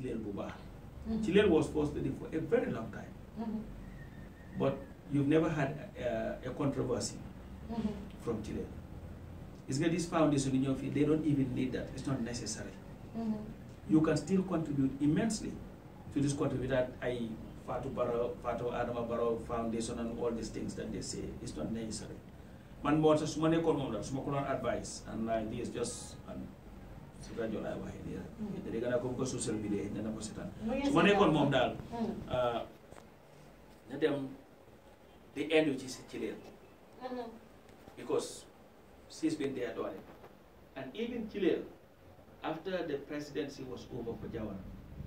Chilel Buba. Mm Chilel was first for a very long time. Mm-hmm. But you've never had a, a controversy mm-hmm. from Chilel. It's got this foundation in your field, They don't even need that. It's not necessary. You can still contribute immensely to this country that I Fatu Barrow, Fatu Adama Barrow Foundation and all these things that they say. It's not necessary. Man, more just money, come on, advice, and like this, just. And, suka jola waxe ni ini ya, jadi na comme que social media de na ko setan suma nekkoon moom daal na dem di endu ci ci because she's been there doing it and even Chilel after the presidency was over for Jawara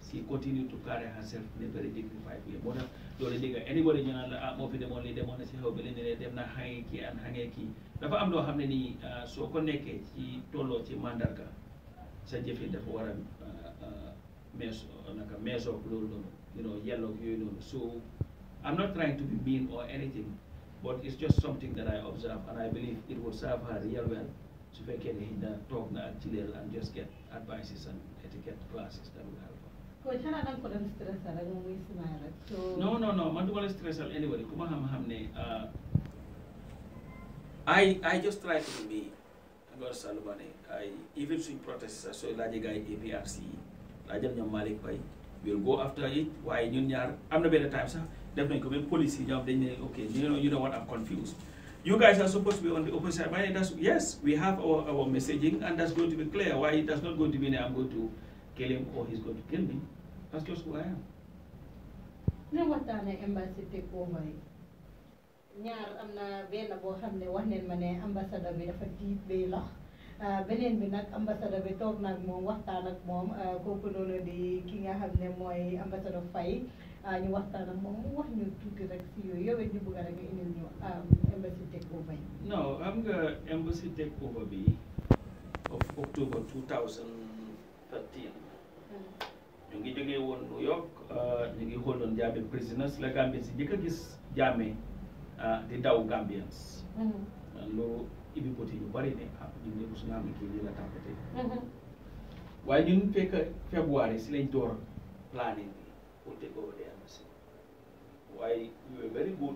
she continued to carry herself in a very dignified way moo tax loolu anybody ñu naan la ah moo fi demoon lii demoon na si xew dem na xangee kii an xangee kii dafa am loo xam ne nii ko nekkee ci ci mandarga sa jëfee dafa war a mess, like a mess of noonu you know yellow, you know. so I'm not trying to be mean or anything but it's just something that I observe and I believe it will serve her real well su fekkee ne na talk, na ak jileel and just get advices and etiquette classes that will help her. coach xanaa danga ko doon stressal rek moom muy smile rek. non non non man du ma la stressal anyway ku ne uh, I I just try to be Gor Salubani, I even swing protests, I saw Laje Guy APRC, Lajam Nyam Malik by We'll go after it. Why you nyar? I'm not better time, sir. Definitely come policy job. Then okay, you know, you know what? I'm confused. You guys are supposed to be on the opposite side. That's, yes, we have our, our messaging, and that's going to be clear. Why it does not going to mean I'm going to kill him or he's going to kill me. That's just who I am. Now, what embassy take over? ñaar am na benn boo xam ne wax ne ma ne ambassadeur bi dafa diit lox euh, beneen bi nag ambassadeur bi toog nag moom waxtaan ak moom euh, kooku noonu di ki nga xam ne mooy ambassadeur Faye euh, ñu waxtaan ak moom wax ñu tuuti rek si yooyu yow ñu bëgg rek indil ñu embassy takeover yi. non am nga embassy takeover bi of octobre 2013. ñu ngi jógee woon New York ñu ngi xooloon Jammeh prisoners la Gambie si njëkk a gis Jammeh. di uh, daw Gambians. Mm-hmm. Uh, loolu ibi côté yu in your ah ñun de mosu naa amee kii lii la tàmbatee. waaye ñun fekk door planning bi pour take over the embassy we were very good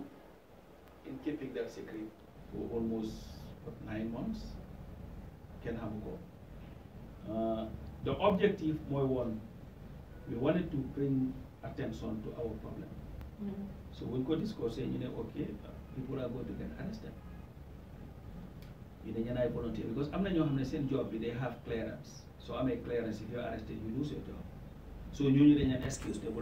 in keeping that secret for almost nine months kenn xamu ko. Uh, the objective mooy woon we wanted to bring attention to our problem. So we So buñ ko you know, ok people are going to get arrested. ñu ne ñanaay volunteer because i am not your xam ne job they have clearance so I make clearance if you are arrested you lose your job so you dañ leen excuse te bu